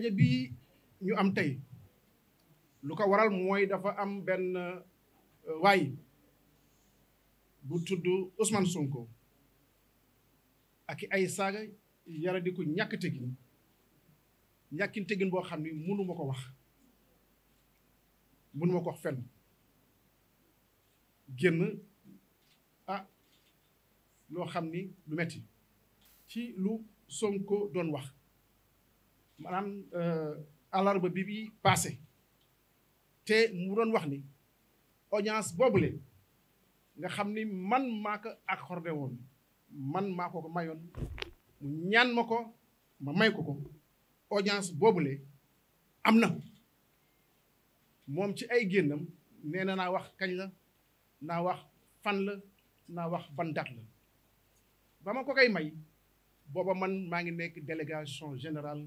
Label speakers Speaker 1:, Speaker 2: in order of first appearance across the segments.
Speaker 1: daje bi ñu am tey lu ko waral mooy dafa am benn euh, waay bu tudd Ousmane Sonko ak ay saaga yara di ko ñàkk tegin ñàkkin tegin boo xam ni mënu ma ko wax mënu ma ko wax fenn ah loo xam ni lu metti ci lu Sonko doon wax maanaam euh, àllarba bi bi passé te mu doon wax ni audience boobule nga xam ni man maa ko accordé woon man maa ko mayoon mu ñaan ma ko ma may ko ko audience boobule am na moom ci ay génnam nee na naa wax kañ la naa wax fan la naa wax ban date la ba ma ko koy may booba man maa ngi nekk délégation générale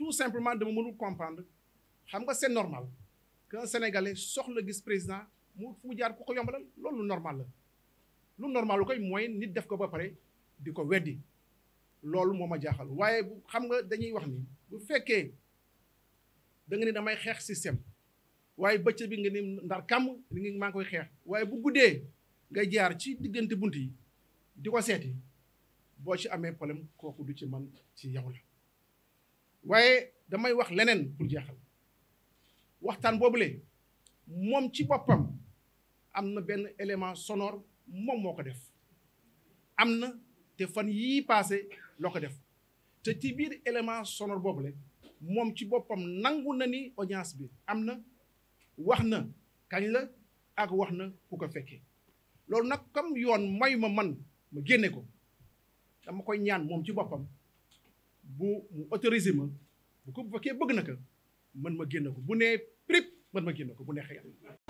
Speaker 1: tout simplement de mënul comprendre xam nga c'est normal un sénégalais soxla gis président mu fu jaar ku ko yombalal loolu normal la lu normal lu koy mooy nit def ko ba pare di ko weddi loolu moo ma jaaxal waaye bu xam nga dañuy wax ni bu fekkee da nga ni damay xeex système waaye bëccëg bi nga ni ndar kàmm li ngi maa ngi koy xeex waaye bu guddee ngay jaar ci diggante bunt yi di ko seeti boo ci amee problème kooku du ci man ci yow la waaye damay wax leneen pour jeexal waxtaan boobule moom ci boppam am na benn élément sonor moom moo ko def am na te fan yii passé loo ko def te ci biir élément sonore boobule moom ci boppam nangu na ni audience bi am na wax na kañ la ak wax na ku ko fekke loolu nag comme yoon may ma man ma génne ko dama koy ñaan moom ci boppam bu mu autorisé ma bu ko bu fekkee bëgg na ko man ma génn ko bu nee prip man ma génn ko bu neexee yàlla